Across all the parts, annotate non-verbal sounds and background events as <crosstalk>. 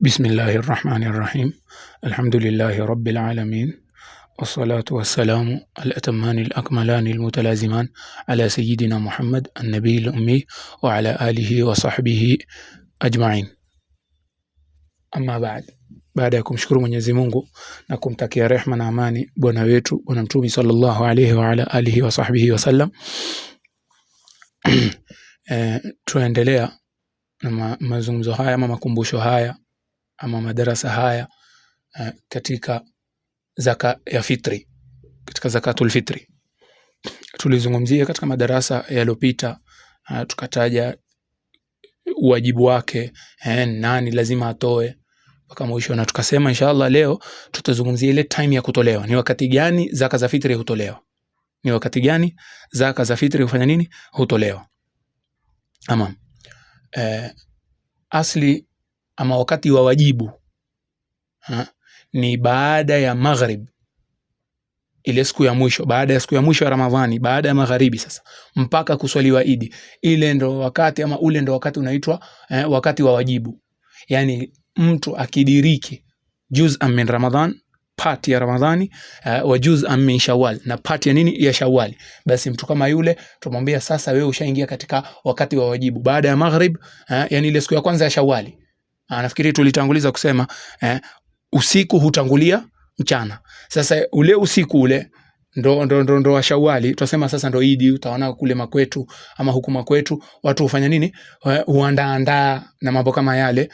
بسم الله الرحمن الرحيم الحمد لله رب العالمين والصلاة والسلام الأتمان الأكملان المتلازمان على سيدنا محمد النبي الأمي وعلى آله وصحبه أجمعين أما بعد بعد أن شكر من يزمونه نكم تكيا رحمة أماني بنا ويتو ونمتومي صلى الله عليه وعلى آله وصحبه وسلم تواندليا ما مزوم هايا ما مكمبوشو هايا ama madarasa haya uh, katika zaka ya fitri katika zakatul fitri tulizungumzia katika madarasa yaliyopita uh, tukataja uwajibu wake eh, nani lazima atoe mpaka mwisho na tukasema inshallah leo tutazungumzia ile time ya kutolewa ni wakati gani zaka za fitri hutolewa ni wakati gani zaka za fitri hufanya nini hutolewa ama eh, asli ama wakati wa wajibu ha? ni baada ya maghrib, ile siku ya mwisho, baada ya siku ya mwisho ya Ramadhani, baada ya magharibi sasa mpaka kuswaliwa Idi, ile ndo wakati ama ule ndo wakati unaitwa eh, wakati wa wajibu, yani mtu akidiriki juz min Ramadhan part ya Ramadhani uh, wa juz min shawal na part ya nini ya shawali basi mtu kama yule tumwambia sasa, wewe ushaingia katika wakati wa wajibu baada ya maghrib eh, yani ile siku ya kwanza ya shawali Ah, nafikiri tulitanguliza kusema eh, usiku hutangulia mchana. Sasa ule usiku ule ndo, ndo, ndo, ndo wa Shawali tunasema sasa ndo Idi. Utaona kule makwetu ama huku makwetu watu hufanya nini, eh, huandaandaa na mambo kama yale.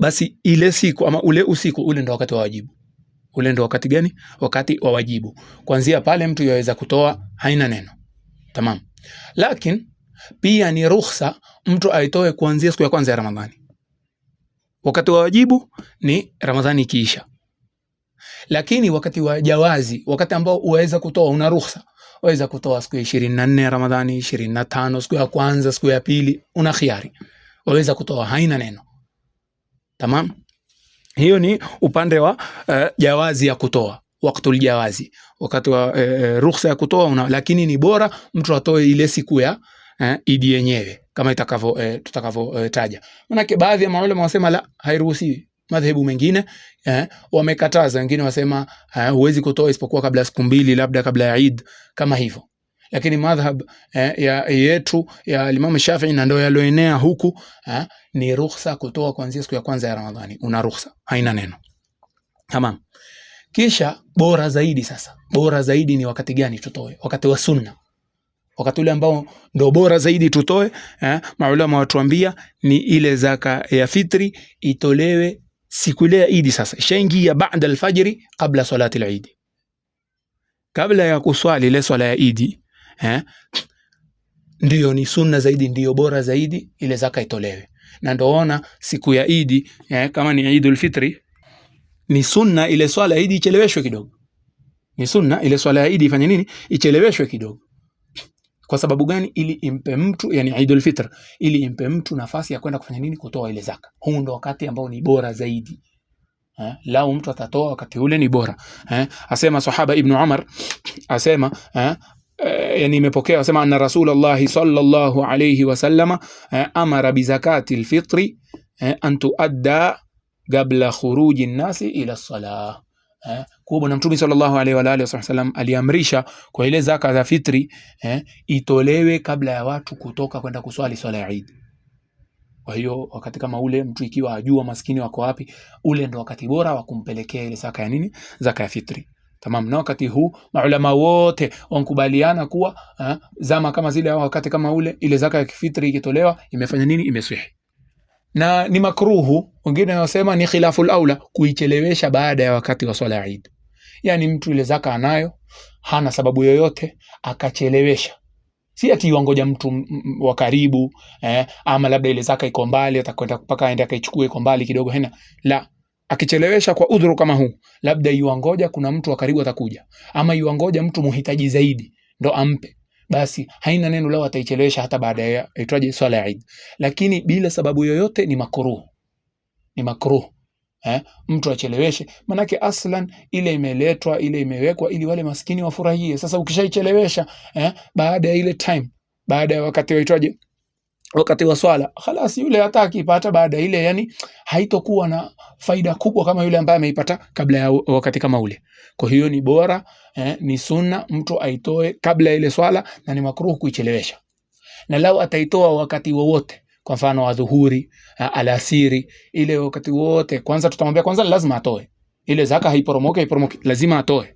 Basi ile siku ama ule usiku ule ndo wakati wa wajibu. Ule ndo wakati gani? Wakati wa wajibu. Kuanzia pale mtu yaweza kutoa, haina neno, tamam. Lakini pia ni ruhusa mtu aitoe kuanzia siku ya kwanza ya Ramadhani Wakati wa wajibu ni Ramadhani ikiisha, lakini wakati wa jawazi, wakati ambao uweza kutoa, una ruhusa, waweza kutoa siku ya ishirini na nne ya Ramadhani, ishirini na tano siku ya kwanza, siku ya pili, una khiari, waweza kutoa, haina neno. Tamam, hiyo ni upande wa uh, jawazi ya kutoa waktul jawazi, wakati wa uh, ruhusa ya kutoa una, lakini ni bora mtu atoe ile siku ya uh, idi yenyewe kama itakavyo e, eh, tutakavyotaja eh, e, manake baadhi ya maulama wasema la hairuhusiwi madhehebu mengine eh, wamekataza wengine wasema eh, huwezi eh, kutoa isipokuwa kabla siku mbili labda kabla ya Eid kama hivyo lakini madhhab eh, ya yetu ya Imam Shafi'i na ndio yaloenea huku eh, ni ruhusa kutoa kuanzia siku ya kwanza ya Ramadhani una ruhusa haina neno tamam kisha bora zaidi sasa bora zaidi ni wakati gani tutoe wakati wa sunna wakati ule ambao ndo bora zaidi tutoe eh, maulama watuambia ni ile zaka ya fitri itolewe siku ile ya Idi. Sasa ishaingia baada alfajiri, kabla salati la Idi, kabla ya kuswali ile swala ya Idi eh, ndiyo ni sunna zaidi, ndiyo bora zaidi ile zaka itolewe, na ndio ona siku ya Idi eh, kama ni Idul Fitri ni sunna ile swala ya Idi icheleweshwe kidogo, ni sunna ile swala ya Idi ifanye nini, icheleweshwe kidogo kwa sababu gani? Ili impe mtu yani Idul Fitr, ili impe mtu nafasi ya kwenda kufanya nini? Kutoa ile zaka. Huu ndo wakati ambao ni bora zaidi. ha? Eh, lau mtu atatoa wakati ule ni bora. ha? Eh, asema sahaba Ibn Umar asema ha? Eh, yani imepokea asema anna Rasulullah sallallahu alayhi wasallam eh, amara bizakati lfitri eh, an tuadda qabla khuruji nnasi ila salah eh, kwa bwana Mtume sallallahu alaihi wa alihi wasallam aliamrisha kwa ile zaka za fitri eh, itolewe kabla ya watu kutoka kwenda kuswali swala ya Eid. Kwa hiyo wakati kama ule mtu ikiwa ajua maskini wako wapi, ule ndo wakati bora wa kumpelekea ile zaka ya nini, zaka ya fitri. Tamam. Na wakati huu maulama wote wankubaliana kuwa ha, eh, zama kama zile au wakati kama ule, ile zaka ya kifitri ikitolewa imefanya nini, imeswihi na ni makruhu. Wengine wanasema ni khilaful aula kuichelewesha baada ya wakati wa swala ya Eid. Yaani mtu ile zaka anayo, hana sababu yoyote akachelewesha si ati wangoja mtu wa karibu eh, ama labda ile zaka iko mbali, atakwenda mpaka aende akaichukue, iko mbali kidogo, hena la. Akichelewesha kwa udhuru kama huu, labda iwangoja kuna mtu wa karibu atakuja, ama iwangoja mtu muhitaji zaidi ndo ampe, basi haina neno lao, ataichelewesha hata baada ya itwaje swala ya Eid. Lakini bila sababu yoyote ni makruh, ni makruh eh, mtu acheleweshe, manake aslan ile imeletwa ile imewekwa ili wale maskini wafurahie. Sasa ukishaichelewesha eh, baada ya ile time, baada ya wakati waitwaje, wakati wa swala, khalas yule hata akipata baada ile, yani haitokuwa na faida kubwa kama yule ambaye ameipata kabla ya wakati kama ule. Kwa hiyo ni bora eh, ni sunna mtu aitoe kabla ya ile swala, na ni makruh kuichelewesha, na lau ataitoa wakati wowote kwa mfano adhuhuri, alasiri, ile wakati wote. Kwanza tutamwambia kwanza lazima atoe ile zaka, haiporomoke haiporomoke, lazima atoe.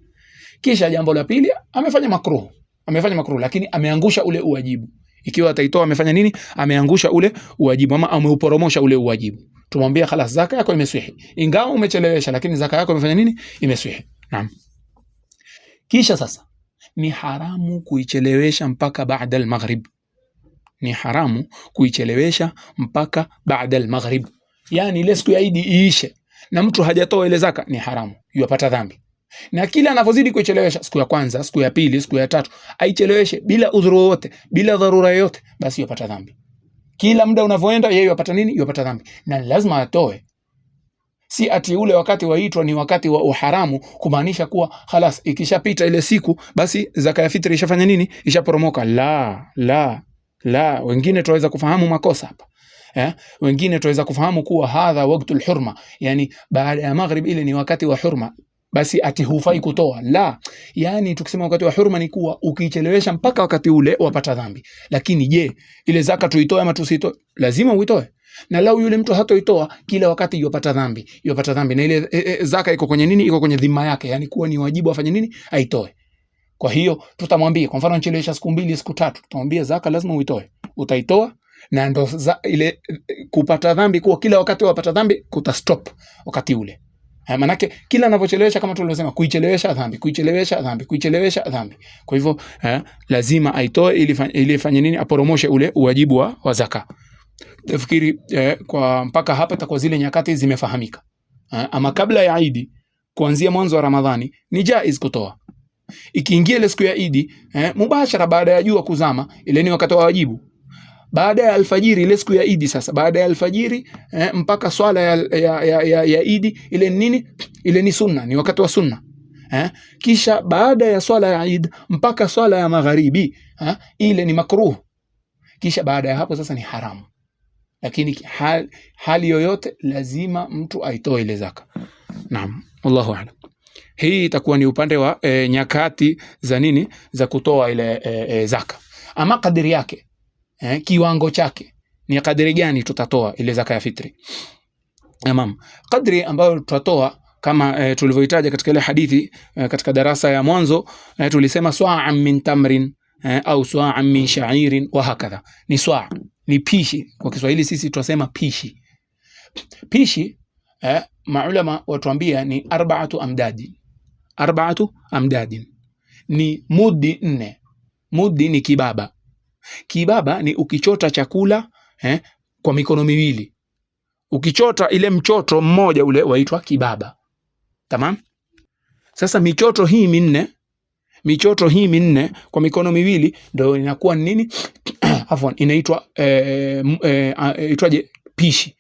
Kisha jambo la pili, amefanya makruh, amefanya makruh, lakini ameangusha ule uwajibu. Ikiwa ataitoa amefanya nini? Ameangusha ule uwajibu ama ameuporomosha ule uwajibu. Tumwambia khalas, zaka yako imeswihi, ingawa umechelewesha, lakini zaka yako imefanya nini? Imeswihi. Naam. Kisha sasa ni haramu kuichelewesha mpaka baada al-maghrib ni haramu kuichelewesha mpaka baada al-maghrib, yani ile siku ya Idi iishe na mtu hajatoa ile zaka, ni haramu, yupata dhambi. Na kila anavyozidi kuichelewesha, siku ya kwanza, siku ya pili, siku ya tatu, aicheleweshe bila udhuru wowote, bila dharura yoyote, basi yupata dhambi. Kila muda unavyoenda, yeye yupata nini? Yupata dhambi, na lazima atoe Si ati ule wakati waitwa ni wakati wa uharamu, kumaanisha kuwa halas, ikishapita ile siku basi zaka ya fitri ishafanya nini? Ishaporomoka. La, la, la, wengine tunaweza kufahamu makosa hapa yeah? Wengine tunaweza kufahamu kuwa hadha waktu hurma, yani baada ya maghrib ile ni wakati wa hurma, basi ati hufai kutoa. La, yani tukisema wakati wa hurma ni kuwa ukichelewesha mpaka wakati ule wapata dhambi. Lakini je, ile zaka tuitoe ama tusitoe? Lazima uitoe na lau yule mtu hatoitoa kila wakati yupata dhambi, yupata dhambi. Na ile e, e, zaka iko kwenye nini? Iko kwenye dhima yake, yani kuwa ni wajibu afanye nini? Aitoe. Kwa hiyo tutamwambia, kwa mfano nichelewesha siku mbili siku tatu, tutamwambia zaka lazima uitoe, utaitoa na ndo za, ile kupata dhambi kuwa kila wakati wapata dhambi kuta stop wakati ule. Haya, eh, manake kila anavyochelewesha kama tulivyosema, kuichelewesha dhambi, kuichelewesha dhambi, kuichelewesha dhambi. Kwa hivyo eh, lazima aitoe ili ili fanye nini? Aporomoshe ule uwajibu wa, wa zaka. Nafikiri eh, kwa mpaka hapa takwa zile nyakati zimefahamika. Eh, ama kabla ya Idi kuanzia mwanzo wa Ramadhani ni jaiz kutoa. Ikiingia ile siku ya Idi eh, mubashara baada ya jua kuzama, ile ni wakati wa wajibu. Baada ya alfajiri ile siku ya Idi sasa, baada ya alfajiri eh, mpaka swala ya, ya, ya, ya, ya Idi ile nini? Ile ni sunna, ni wakati wa sunna. eh. Kisha baada ya swala ya Eid mpaka swala ya magharibi eh, Ile ni makruh. Kisha baada ya hapo sasa ni haramu, lakini hal, hali yoyote lazima mtu aitoe ile zaka. Naam, wallahu a'lam. Hii itakuwa ni upande wa e, nyakati za nini za kutoa ile e, e, zaka. Ama kadiri yake e, kiwango chake ni kadiri gani tutatoa ile zaka ya fitri? Tamam, kadri ambayo tutatoa kama e, tulivyohitaja katika ile hadithi e, katika darasa ya mwanzo e, tulisema swaa min tamrin e, au swaa min sha'irin wa hakadha. Ni swaa ni pishi, kwa Kiswahili sisi tunasema pishi. Pishi eh, maulama watuambia ni arbaatu amdadi arbaatu amdadin ni mudi nne. Mudi ni kibaba. Kibaba ni ukichota chakula eh, kwa mikono miwili, ukichota ile mchoto mmoja ule waitwa kibaba. Tamam. Sasa michoto hii minne, michoto hii minne kwa mikono miwili ndio inakuwa nini? <clears throat> Afwan, inaitwa eh, eh, eh, eh, itwaje? Pishi.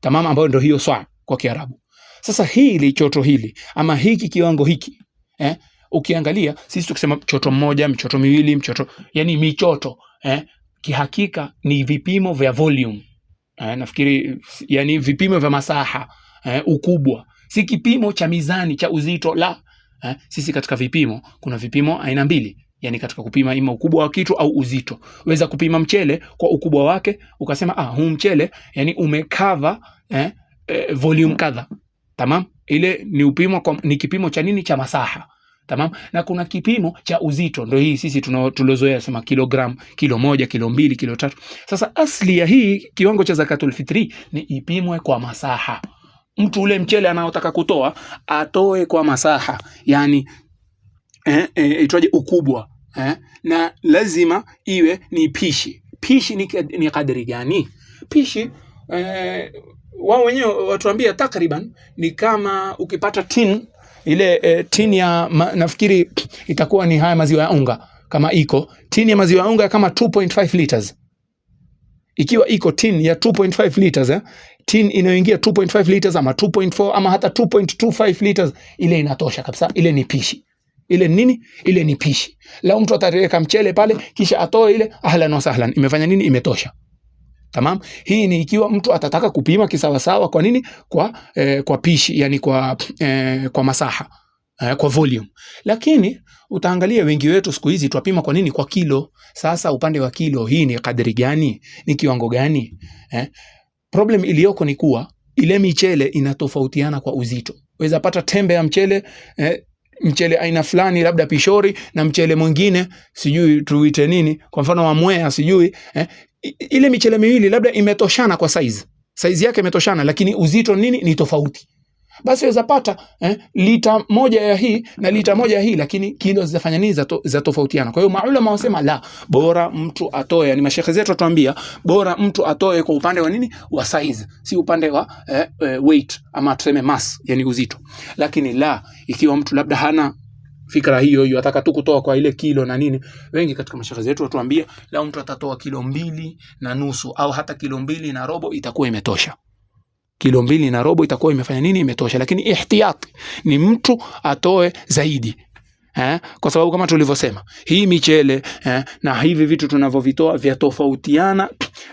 Tamam, ambayo ndio hiyo swa kwa Kiarabu. Sasa hili choto hili ama hiki kiwango hiki eh, ukiangalia sisi tukisema mchoto mmoja, mchoto miwili, mchoto yani michoto eh, kihakika ni vipimo vya volume eh, nafikiri yani vipimo vya masaha eh, ukubwa, si kipimo cha mizani cha uzito la eh, sisi katika vipimo kuna vipimo aina mbili yani katika kupima ima ukubwa wa kitu au uzito, weza kupima mchele kwa ukubwa wake ukasema ah, huu mchele yani umekava eh, eh, volume kadha Tamam, ile ni upimo kwa, ni kipimo cha nini? Cha masaha. Tamam, na kuna kipimo cha uzito, ndio hii sisi tulozoea sema kilogram, kilo moja, kilo mbili, kilo tatu. Sasa asli ya hii kiwango cha zakatul fitri ni ipimwe kwa masaha. Mtu ule mchele anaotaka kutoa atoe kwa masaha, yani eh, eh, itwaje ukubwa eh, na lazima iwe ni pishi. Pishi ni, ni kadri gani? Pishi eh, wao wenyewe watuambia takriban ni kama ukipata tin ile e, tin ya ma, nafikiri itakuwa ni haya maziwa ya unga kama iko tin ya maziwa ya unga kama 2.5 liters ikiwa iko tin ya 2.5 liters eh? tin inayoingia 2.5 liters ama 2.4 ama hata 2.25 liters, ile inatosha kabisa. Ile ni pishi, ile nini, ile ni pishi. la mtu atareka mchele pale, kisha atoe ile, ahlan wa sahlan imefanya nini, imetosha. Tamam, hii ni ikiwa mtu atataka kupima kisawasawa. Kwa nini? Kwa, eh, kwa pishi yani kwa, eh, kwa masaha eh, kwa volume. Lakini utaangalia wengi wetu siku hizi twapima kwa nini? Kwa kilo. Sasa upande wa kilo hii ni kadri gani? Ni kiwango gani? Eh, problem iliyoko ni kuwa ile michele inatofautiana kwa uzito. Weza pata tembe ya mchele eh, mchele aina fulani labda pishori na mchele mwingine sijui tuite nini, kwa mfano wa mwea sijui eh, ile michele miwili labda imetoshana kwa size, size yake imetoshana, lakini uzito nini ni tofauti. Basi waweza pata eh, lita moja ya hii na lita moja ya hii, lakini kilo zitafanya nini? Za tofautiana. Kwa hiyo maulama wasema la bora mtu atoe, yani mashekhe zetu atuambia bora mtu atoe kwa upande wa nini, wa size, si upande wa eh, eh, weight ama tuseme mass, yani uzito. Lakini la ikiwa mtu labda hana fikra hiyo hiyo, ataka tu kutoa kwa ile kilo na nini. Wengi katika mashaka zetu watuambia lau mtu atatoa kilo mbili na nusu au hata kilo mbili na robo itakuwa imetosha kilo mbili na robo itakuwa imefanya nini, imetosha. Lakini ihtiyati ni mtu atoe zaidi eh? Kwa sababu kama tulivyosema hii michele eh, na hivi vitu tunavyovitoa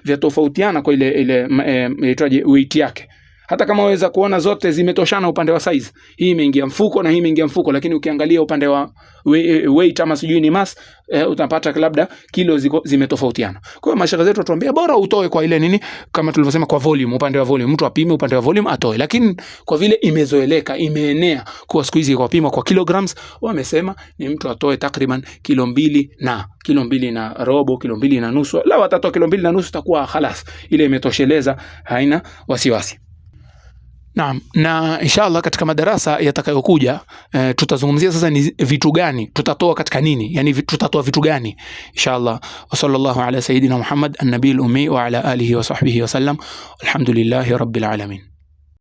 vya tofautiana kwa ile ile eh, inaitwaje weight yake hata kama waweza kuona zote zimetoshana upande wa size, hii imeingia mfuko na hii imeingia mfuko, lakini ukiangalia upande wa eh, weight ama sijui ni mass eh, utapata labda kilo ziko zimetofautiana. Kwa hiyo mashaka zetu tuambia bora utoe kwa ile nini, kama tulivyosema, kwa volume, upande wa volume mtu apime upande wa volume atoe, lakini kwa vile imezoeleka imeenea kwa siku hizi kwa pima kwa kilograms, wamesema ni mtu atoe takriban kilo mbili na kilo mbili na robo, kilo mbili na nusu. Lao atatoa kilo mbili na nusu, itakuwa halas, ile imetosheleza, haina wasiwasi. Naam, na inshallah katika madarasa yatakayokuja e, tutazungumzia sasa ni vitu gani tutatoa katika nini, yani tutatoa vitu gani inshallah. Wa sallallahu ala sayidina Muhammad an-nabiyil ummi wa ala alihi wa sahbihi wasallam, alhamdulillahi rabbil alamin.